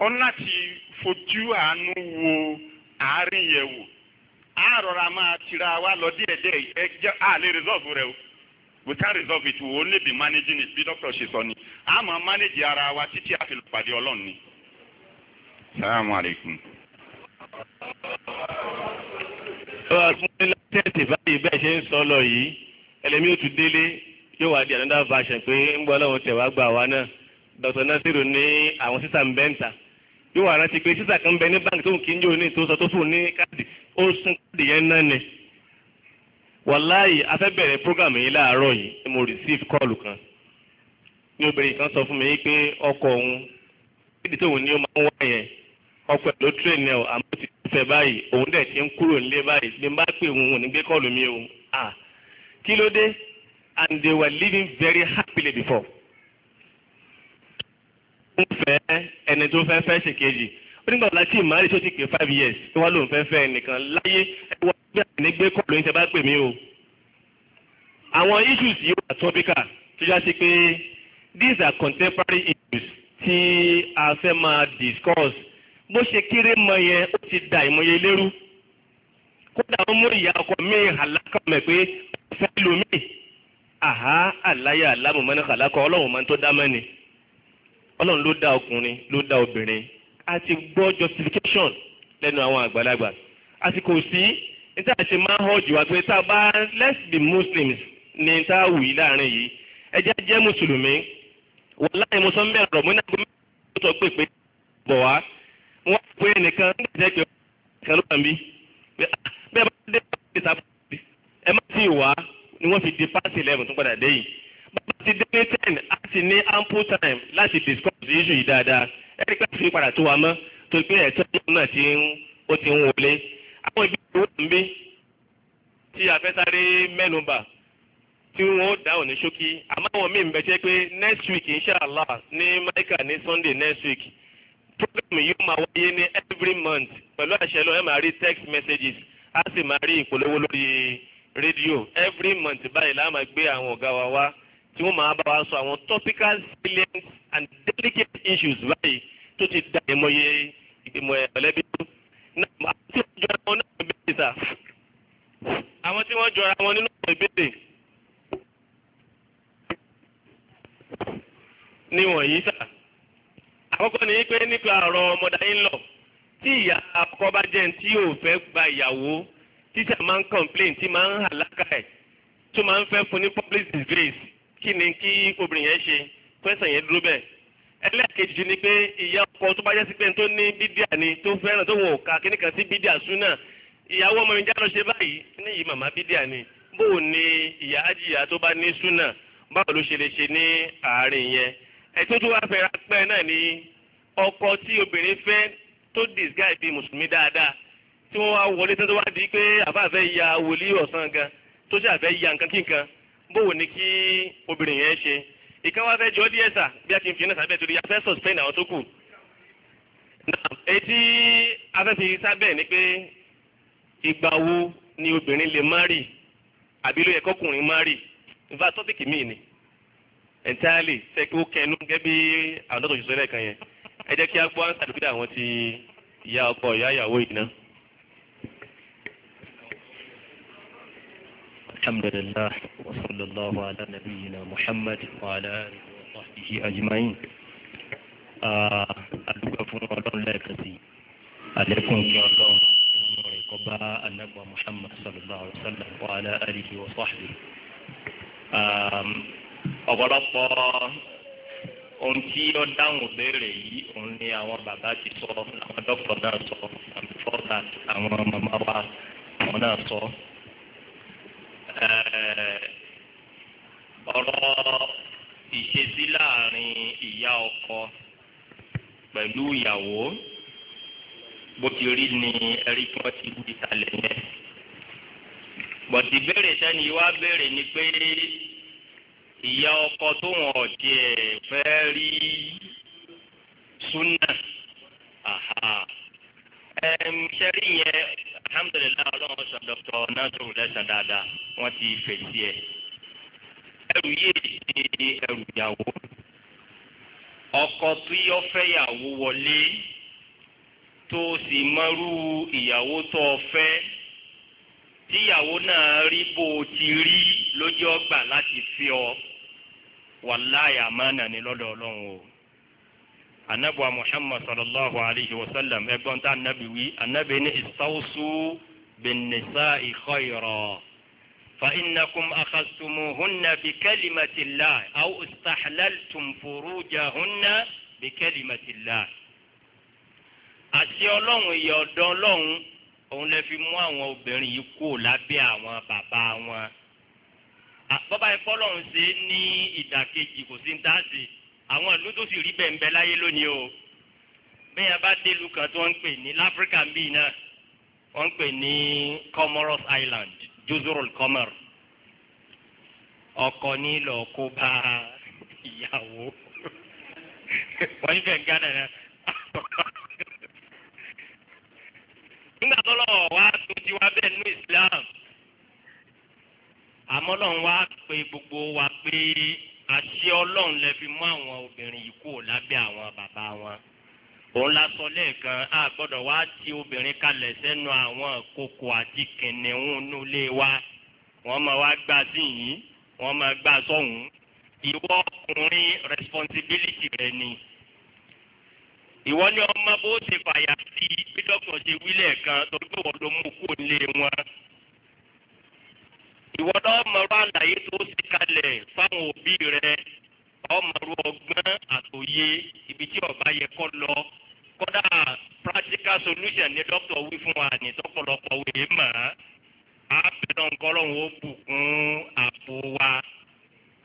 ọ láti fojú àánú wo àárín yẹn wò a rọra máa tira wa lọ díẹ̀díẹ̀ ẹ jẹ́ a lè resolve rẹ o we can resolve it we only be managing it bí doctor ṣe sọ ni a máa manage ara wa títí a fi lọ ọlọ́run ni. Assalamu alaikum. Ọ̀rọ̀ fún ilé-iṣẹ́ báyìí bẹ́ẹ̀ ṣe ń sọ lọ yìí, ẹlẹ́mí ó tún délé yóò wá di another version pé ń gbọ́ lọ́wọ́ tẹ̀ wá gbà wá náà. Dr. Nasiru ní àwọn sísà ń bẹ́ǹtà. Yóò wá rántí pé sísà kan bẹ ní báńkì tó ń kí ń jò ní ìtòsọ tó fún ní káàdì ó sún káàdì yẹn náà ni. Wàláyì mo receive call kan. Ní obìnrin kan sọ fún mi pé ọkọ òun, ìdí tóun ni ó máa ń wá yẹn ọpẹ ló tírèèni ẹ o àmọ́ ti fẹ́ báyìí òun dẹ̀ ti ń kúrò nílé báyìí bí n bá pè òun ní gbé kọ́ọ̀lù mi o ah kí ló dé and they were living very happily before. ó ń fẹ́ ẹni tó fẹ́ fẹ́ ṣèkejì ó nígbà wọlé tí ìmárì tó ti pè five years tí wọ́n lòun fẹ́ fẹ́ ẹnìkan láyé ẹ wọ́n gbé àní gbé kọ́ọ̀lù yín tẹ́ bá pè mí o. àwọn issues yìí wà topical tó já sí pé these are contemporary issues tí a fẹ́ máa discuss bó ṣe kéré mọ yẹn ó ti da ìmọye lérú kódà ó mú ìyá ọkọ mi àlákọ mẹ pé fẹ́ lómi àhá àláyà alámùmọ́ni kàlákọ ọlọ́run máa ń tó dá mẹ́ni ọlọ́run ló dá ọkùnrin ló dá obìnrin a ti gbọ́ justification lẹ́nu àwọn àgbàlagbà àsìkò sí níta àti máa hànjú wa pé tá a bá let's be muslims ní tá a wù yí láàrin yìí ẹ jẹ́ jẹ́ mùsùlùmí wọ́n láyé mo sọ ń bẹ̀rẹ̀ rọ̀ mọ́ ní àgbo mẹ́rin tó sọ pé pé bọ̀ wá pé nìkan ní ìjẹ́ pé ọ̀rọ̀ kan ló wà mí ah, bẹ́ẹ̀ bá dé pàṣẹ sábà ẹ má ti wá ni wọ́n fi di pàṣẹ eleven tó padà dé yìí bàbá ti dé ní ten á sì ní ample time láti discuss issue yìí dáadáa ẹni pé àfihàn padà tó wa mọ́ tó pé ẹ̀tọ́ náà ti ń ó ti ń wọlé àwọn ìbéèrè wà mí tí a fẹ́ bà tí wọ́n dá òní ṣókí àmọ́ àwọn míì ń bẹ jẹ́ pé next week inshallah ní maika ní sunday next week program yóò máa wáyé ní every month pẹ̀lú àṣẹ lọ ẹ máa rí text messages á sì máa rí ìpolówó lórí rédíò every month báyìí láà máa gbé àwọn ọ̀gá wa wá tí wọ́n máa bá wa sọ àwọn topical salient and delicate issues báyìí tó ti da ìmọ̀ye ìgbìmọ̀ ẹ̀lẹ́bí tó. àwọn tí wọ́n jọra wọn náà ìbéèrè sà àwọn tí wọ́n jọra wọn nínú ìbéèrè níwọ̀nyí sà àkọ́kọ́ ni pé nípa ọ̀rọ̀ ọmọdé yín lọ tí ìyá àkọ́kọ́ bá jẹ́ tí yóò fẹ́ gba ìyàwó tíṣà máa ń complain tí máa ń hà lákà ẹ̀ tó máa ń fẹ́ fún ní public disgrace kí ni kí obìnrin yẹn ṣe pẹ́sàn yẹn dúró bẹ́ẹ̀. ẹlẹ́ẹ̀kejì ni pé ìyá ọkọ tó bá jẹ́ sí pé tó ní bídíà ni tó fẹ́ràn tó wọ̀ ká kíní kan sí bídíà súnà ìyàwó ọmọ mi já lọ ṣe báyìí ní màmá bídíà ni bóò ni ẹ̀tọ́ wa wá fẹ́ra pẹ́ náà ni ọkọ tí obìnrin fẹ́ tó disguise bíi mùsùlùmí dáadáa tí wọ́n wá wọlé tó wá di pé àbáfẹ́ ya wòlíì ọ̀sán gan tó ṣàfẹ́ ya nǹkan kí nǹkan bówo ni kí obìnrin yẹn ṣe ìkan wá fẹ́ jọ díẹ̀ sà bí a kì fi iná sábẹ́ torí a fẹ́ suspend àwọn tó kù. etí afẹ́fẹ́ sábẹ́ ni pé ìgbà wo ni obìnrin lè má rì àbí ló yẹ kọkùnrin má rì ìfà tọ́pìkì entirely ṣe kí ó kẹnu gẹ́gẹ́ bí àwọn tó ṣiṣẹ́ lẹ́ẹ̀kan yẹn ẹ jẹ́ kí á gbọ́ àǹtà dúkìá àwọn ti ìyá ọkọ ìyá ìyàwó yìí náà. alhamdulillah wa sallallahu ala nabiyyina muhammad wa ala alihi wa sahbihi ajma'in adúgbò fún ọlọ́run lẹ́ẹ̀kan sí àlékún kí ọlọ́run rẹ̀ kọ́ bá anagba muhammad sallallahu alaihi wa ọ̀pọ̀lọpọ̀ ohun tí ó dáhùn béèrè yìí òun ni àwọn bàbá ti sọ àwọn dókítà náà sọ àwọn fọ́tà àwọn màmá wa àwọn náà sọ. ọ̀rọ̀ ìṣesí láàrin ìyá ọkọ pẹ̀lú ìyàwó bó ti rí ni ẹ̀rí tí wọ́n ti wí kalẹ̀ yẹn. bọ̀dì béèrè sẹ́ni wá béèrè ni pé ìyá ọkọ tó wọn ọ̀dí ẹ̀ fẹ́ rí súnà ṣẹ́rí yẹn alhamdulilayi ọlọ́run sọ dr nasiru lẹ́sàn dáadáa wọ́n ti fèsì ẹ̀ ẹrù yìí ti ẹrù ìyàwó ọkọ tí ó fẹ́yàwó wọlé tó sì mọ́rú ìyàwó tó fẹ́ tíyàwó náà rí bó ti rí lójú ọgbà láti fi ọ wàláyà àmánà ni lọ́dọ̀ ọlọ́run o anabuwa muhammad sallallahu alayhi wa sallam ẹgbọn tá anabi wí anabi ní istawsu bin nisa'i khayra fa innakum akhastumuhunna bi kalimati llah aw istahlaltum furujahunna bi kalimati llah àti ọlọ́run ìyà ọ̀dọ̀ ọlọ́run òun lè fi mú àwọn obìnrin yìí kú lábẹ́ àwọn bàbá wọn bọ́bá ẹ̀kọ́ lọ́run ṣe é ní ìdàkejì kò sí ń tá a ṣe àwọn ìlú tó sì rí bẹ́ẹ̀ ń bẹ láyé lónìí o bẹ́ẹ̀ yẹn bá délu kan tó ń pè ní láfíríkà ń bì náà wọ́n ń pè ní Comoros Island Jozorol Comor ọkọ ní lọ kó bá ìyàwó wọ́n ń fẹ́ gánà náà nígbà tó lọ́wọ́ wa tó ti wá bẹ́ẹ̀ nínú Islam àmọ́ ọlọ́run wá pé gbogbo wa pé àṣẹ ọlọ́run lè fi mú àwọn obìnrin yìí kúrò lábẹ́ àwọn bàbá wọn òun la sọ lẹ́ẹ̀kan a gbọ́dọ̀ wá ti obìnrin kalẹ̀ sẹ́nu àwọn kòkò àti kìnìún nílé wa wọ́n máa wá gbà sí yìí wọ́n máa gbà sọ́hùn ìwọ ọkùnrin responsibility rẹ ni ìwọ ni ọmọ bó ṣe fàyà sí bí dókítà ṣe wí lẹ́ẹ̀kan tó gbé wọ́n ló mú kó lé wọn ìwọ náà mọ̀rọ̀ àlàyé tó ṣe kalẹ̀ fáwọn òbí rẹ ọmọrú ọgbọ́n àtòyé ibi tí ọba yẹ kọ́ lọ kọ́dà practical solution ni dókítà wí fún wa ní tọ́pọ̀lọpọ̀ wèé mọ̀ á bẹ̀rẹ̀ nǹkan ọlọ́run ó bùkún àpò wa.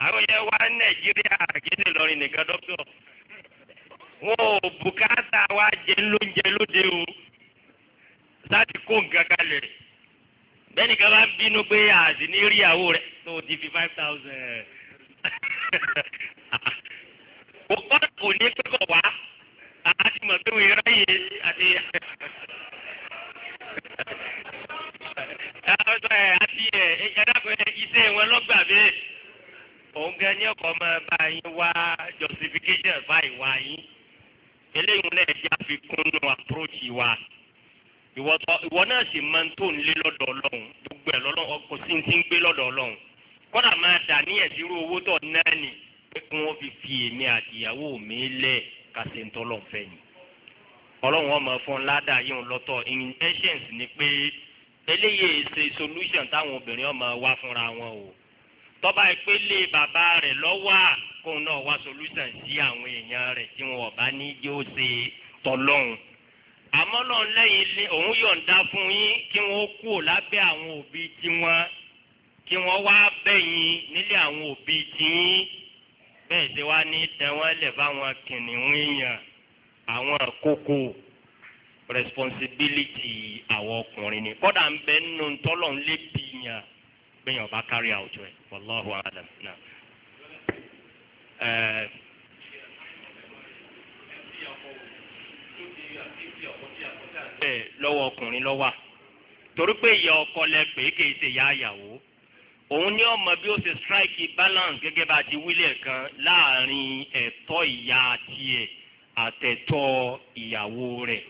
àwọn yẹn wá nàìjíríà gidi lọrin nìkan dókítà wọn ò bùkátà wa jẹ lóúnjẹ lóde o láti kó nǹkan kalẹ̀ bẹ́ẹ̀ni kan bá bínú pé àti ní rí ìyàwó rẹ̀ tó ti fi five thousand. kò kọ́dà kò ní pẹ́kọ̀ wá àti mọ̀ pé wọ́n yẹra yé àti. àti ẹ̀ẹ́dàgbẹ́ iṣẹ́ wọn lọ́gbà bẹ́ẹ̀ òun gan ni ọkọ̀ máa bá yín wá justification fáìwá yín eléyìí náà jẹ́ àfikún approach wa ìwọ náà sì máa ń tó ń lé lọ́dọ̀ ọlọ́run gbogbo ẹ̀ lọ́lọ́run ọkọ̀ sí ti ń gbé lọ́dọ̀ ọlọ́run kọ́dà máa dà ní ẹ̀dínwó owó tọ̀ náà ni pé kí wọ́n fi fi èmi àtìyàwó mi lẹ̀ kàṣẹ ńtọ́lọ́fẹ́ ni ọlọ́run ọmọ fún ládà yìí ń lọ́tọ̀ intentions ni pé eléyìí ṣe solution táwọn obìnrin ọmọ wá fúnra wọn o tọ́ba ìpè lé bàbá rẹ̀ lọ́wọ́ kóun náà wá solution sí àwọn èèyàn rẹ̀ tí wọn ò àmọ́ náà lẹ́yìn ilé òun yọ̀ǹda fún yín kí wọ́n kúrò lábẹ́ àwọn òbí tiwọn kí wọ́n wá bẹ̀yìn nílé àwọn òbí tiyín bẹ́ẹ̀ ṣe wá ní tẹ̀wọ́n lẹ̀ fáwọn kìnìún èèyàn àwọn àkókò responsibility àwọn ọkùnrin ni kọ́dà ń bẹ nínú tọ́lọ̀ ń lé bí yàn bẹ́yàn bá kárí àwùjọ ẹ̀ wallahu alam bẹ́ẹ̀ lọ́wọ́ ọkùnrin ló wà torí pé ìyá ọkọ lẹ pé kì í ṣe ìyá àyàwó òun ní ọmọ bí ó ṣe strike balance gẹ́gẹ́ bá ti wílẹ̀ kan láàrin ẹ̀tọ́ ìyá tiẹ̀ àtẹ̀tọ́ ìyàwó rẹ̀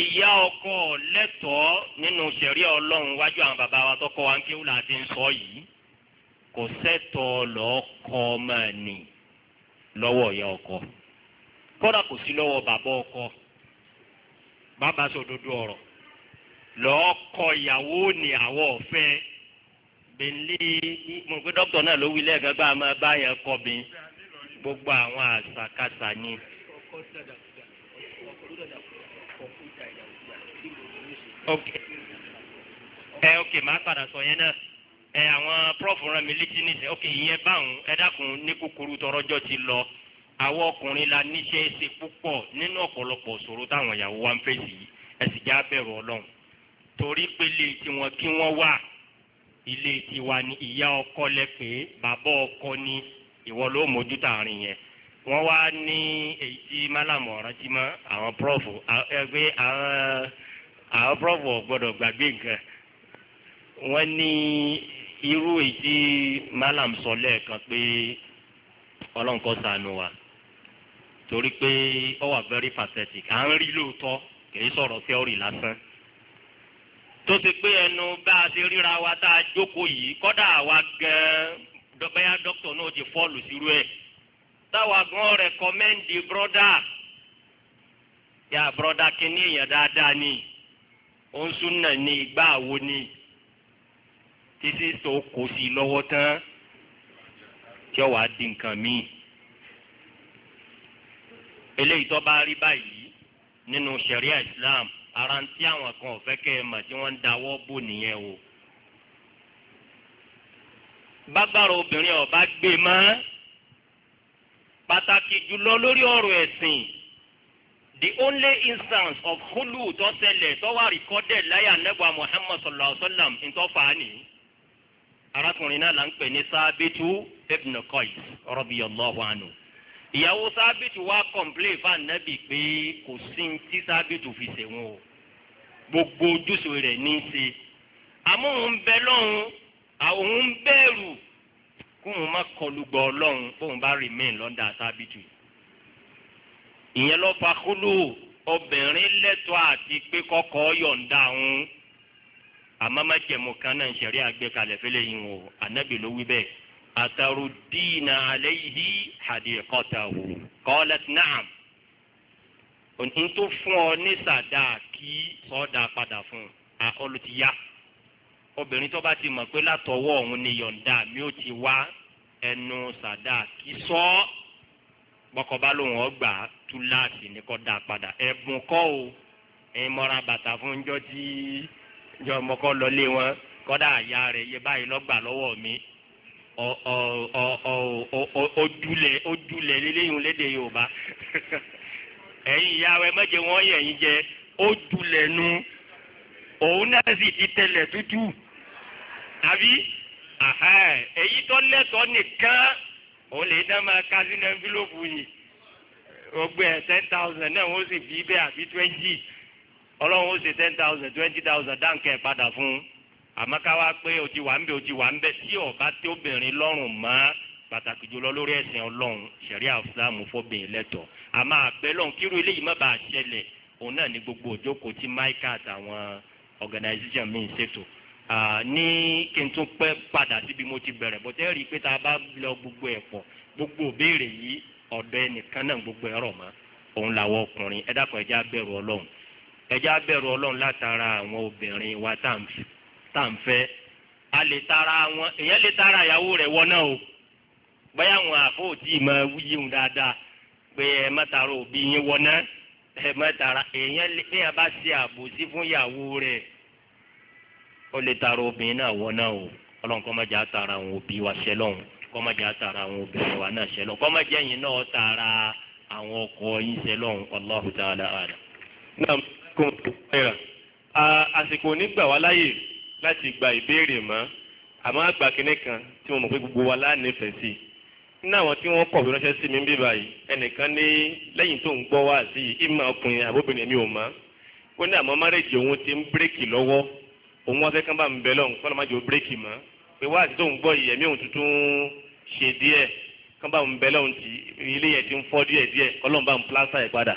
ìyá ọkọ lẹ́tọ̀ọ́ nínú ṣẹ̀ríà ọlọ́run wájú àwọn bàbá wa tọkọ wa ń kí wúlà ń sọ yìí kò sẹ́tọ̀ lọ́kọ ọmọ nì lọ́wọ́ ìyá ọkọ kódà kò sí lọ́wọ́ bàbá ọkọ bàbá sòdodo ọ̀rọ̀ lọ́ọ́ kọ ìyàwó ni àwọn ọ̀fẹ́ bẹ̀lẹ́ mo rò pé dókítà náà ló wí lẹ́ẹ̀kan bá a máa bá yẹn kọ bí gbogbo àwọn àṣàkáṣà ni. ẹ ok màá padà sọ yẹn náà ẹ àwọn prof rán mi létí nísìnyí ok ìyẹn báwọn ẹ dákun ní kúkúrú tọrọjọ ti lọ àwọn ọkùnrin la níṣẹ́ ṣe púpọ̀ nínú ọ̀pọ̀lọpọ̀ ìṣòro táwọn ìyàwó wa ń fèsì yìí ẹ sì já bẹ̀rù ọlọ́run torí pé ilé tiwọn kí wọ́n wà ilé tiwa ni ìyá ọkọ lẹ pé bàbá ọkọ ni ìwọ ló mójú tààrin yẹn wọ́n wá ní èyí tí málàmù ọ̀rọ̀ ti mọ́ àwọn prọ́fù ẹgbẹ́ àwọn àwọn ọ̀gbọ́dọ̀ gbàgbé nǹkan wọ́n ní irú èyí tí málàmù sọ lẹ́ẹ̀kan pé ọlọ́nkọ́ sànù wa torí pé ó wà very pathetic à ń rí lóòótọ́ kì í sọ̀rọ̀ theory lásán tó ti pé ẹnu bá a ti ríra wa tá a jókòó yìí kọ́dà wa gan-an bẹ́yà dókítà náà ti fọ́ọ̀lù sírú ẹ̀ táwa gan rẹ̀kọ́mẹ́ndì brọ́dà yà brọ́dà kìíní èèyàn dáadáa ni òun súnà ní ìgbà wo ni títí tó kò sí lọ́wọ́ tán tí ó wàá di nǹkan míì eléyìí tó bá rí báyìí nínú ṣẹ̀ríà Islam ara ń tí àwọn kan ò kẹ́ ẹ mà tí wọ́n ń dáwọ́ bò nìyẹn o. bágbára obìnrin ọba gbé mọ́ pàtàkì jùlọ lórí ọ̀rọ̀ ẹ̀sìn the only instance of hulu tó ṣẹlẹ̀ tó wà recorded láyà nẹ́gbà Muhammad sallallahu alayhi wa sallam ntọ́fà ni arákùnrin náà là ń pè ní sábẹ́tù ibn Qais radiyallahu anhu ìyàwó sábìtù wa kọ̀m̀plé fànàbì pé kò sí tí sábìtù fi ṣẹ̀wọ̀n o gbogbo ojúṣe rẹ̀ ní í ṣe àmọ́ òun bẹ lọ́hùn àwọn òun bẹ̀rù kóun má kọlu gbọ́ ọlọ́hun bóun bá remain lọ́dà sábìtù ìyẹn lọ́ fa kúlù obìnrin lẹ́tọ̀ọ́ àti pé kọ́kọ́ yọ̀ǹda òun àmọ́ má jẹ̀mú kan náà ń ṣẹ̀rí àgbékalẹ̀ fẹ́lẹ́ yìí o ànábì ló wí bẹ́ẹ̀. أتردين عليه حديقته قالت نعم n tó fún ọ ní sàdáàkì sọdà padà fún un àkọlù ti yá obìnrin tó bá ti mọ̀ pé látọwọ́ òun ni yọ̀ǹda mi ò ti wá ẹnu sàdáàkì sọ bọ́kọ bá lóun ọgbà túláàsì ní kó dá padà ẹ̀bùn kọ́ o ẹ̀yin bàtà fún njọ́ tí njọ́ wọn kọ́dà àyà rẹ̀ yé báyìí lọ́gbà lọ́wọ́ mi ojúlẹ̀ ojúlẹ̀ lélẹ́yìn lédè yorùbá *laughs* ẹ̀yin ìyàwó ẹ mẹ́jẹ wọ́n yẹ̀ yín jẹ ojúlẹ̀ nu òun náà sì ti tẹlẹ̀ tútù àbí èyí tó lẹ́tọ̀ọ́ nìkan òun lè dá máa ka sínú ẹnfílọ́pù yìí gbogbo ẹ̀ ten thousand náà wọ́n sì fi bẹ́ẹ̀ àbí twenty ọlọ́run ó ṣe ten thousand twenty thousand dáǹkẹ́ padà fún un àmọ́ ká wá pé òjì wà ń bẹ òjì wà ń bẹ tí ọba tí obìnrin lọ́rùn mọ́ pàtàkì jùlọ lórí ẹ̀sìn ọlọ́run ṣẹ̀ríà ìsìlámù fọ́bìnrin lẹ́tọ̀ àmọ́ àpẹ́ lọ́run kírú eléyìí má bàa ṣẹlẹ̀ òun náà ni gbogbo òjókòó tí maika àtàwọn organisation míì ṣètò ní kí n tún pẹ́ padà síbi mo ti bẹ̀rẹ̀ bọ́tẹ́ rí i pé tá a bá lọ gbogbo ẹ̀ pọ̀ gbogbo òbéèrè yìí ọ̀dọ̀ ẹnìkan náà gbogbo ẹ̀rọ mọ́ òun làwọn ọkùnrin ẹ dákun ẹ ọlọ́run ẹ jẹ́ ọlọ́run látara àwọn obìnrin wa tá à ń fi tá à ń fẹ́ a lè tara wọn èèyàn lè tara ìyàwó rẹ̀ wọ náà o báyà wọn àfọ òtí mọ wíyí wọn dáadáa pé ẹ má tara òbí yín wọ náà ẹ má tara èèyàn lè èèyàn bá ṣe àbòsí fún ìyàwó rẹ̀ ó lè tara obìnrin náà wọ náà o ọlọ́run kọ́ má jẹ́ àtara àwọn òbí wa ṣẹlọ́run kọ́ má jẹ́ àwọn obìnrin wa náà ṣẹlọ́run kọ́ má jẹ́ náà tara àwọn ọkọ yín ṣẹlọ́run Allahu ta'ala àrà. náà kò tó ẹ̀rà wá láyè láti gba ìbéèrè mọ́ àmọ́ àgbà kínní kan tí mo mọ̀ pé gbogbo wa láànífẹ̀ẹ́ sí nínú àwọn tí wọ́n kọ̀wé ránṣẹ́ sí mi ń bí báyìí ẹnìkan ní lẹ́yìn tó ń gbọ́ wá sí ìmọ̀ ọkùnrin àbóbìnrin mi ò mọ̀ ó ní àmọ́ márèjì òun ti ń bírèkì lọ́wọ́ òun wọ́n fẹ́ kán bá ń bẹ lọ́hùn kọ́nà má jẹ́ ó bírèkì mọ́ pé wá àti tó ń gbọ́ yìí ẹ̀mí òun tuntun ṣe díẹ̀ kán bá ń bẹ lọ́hùn tí ilé yẹn ti ń fọ́ díẹ̀ díẹ̀ kọ́lọ́n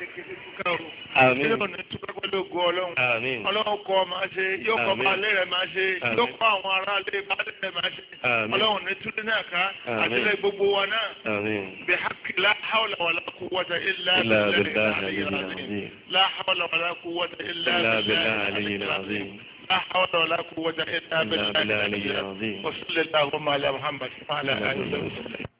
jẹ́ kí ebi túká o. àmín ilé ọ̀nà túká pẹ̀lú ògùn ọlọ́run. àmín ọlọ́run kọ́ máa ṣe yóò kọ́ máa lé rẹ̀ máa ṣe yóò kọ́ àwọn ará lé bá lé rẹ̀ máa ṣe. àmín ọlọ́run ní túlé náà ká àtìlẹ̀ gbogbo wa náà. àmín bí hakki la hawla wala quwwata illa billahi aliyyil azim. la hawla wala quwwata illa billahi aliyyil azim. لا حول ولا قوة إلا بالله العلي العظيم وصلى اللهم على محمد وعلى آله وسلم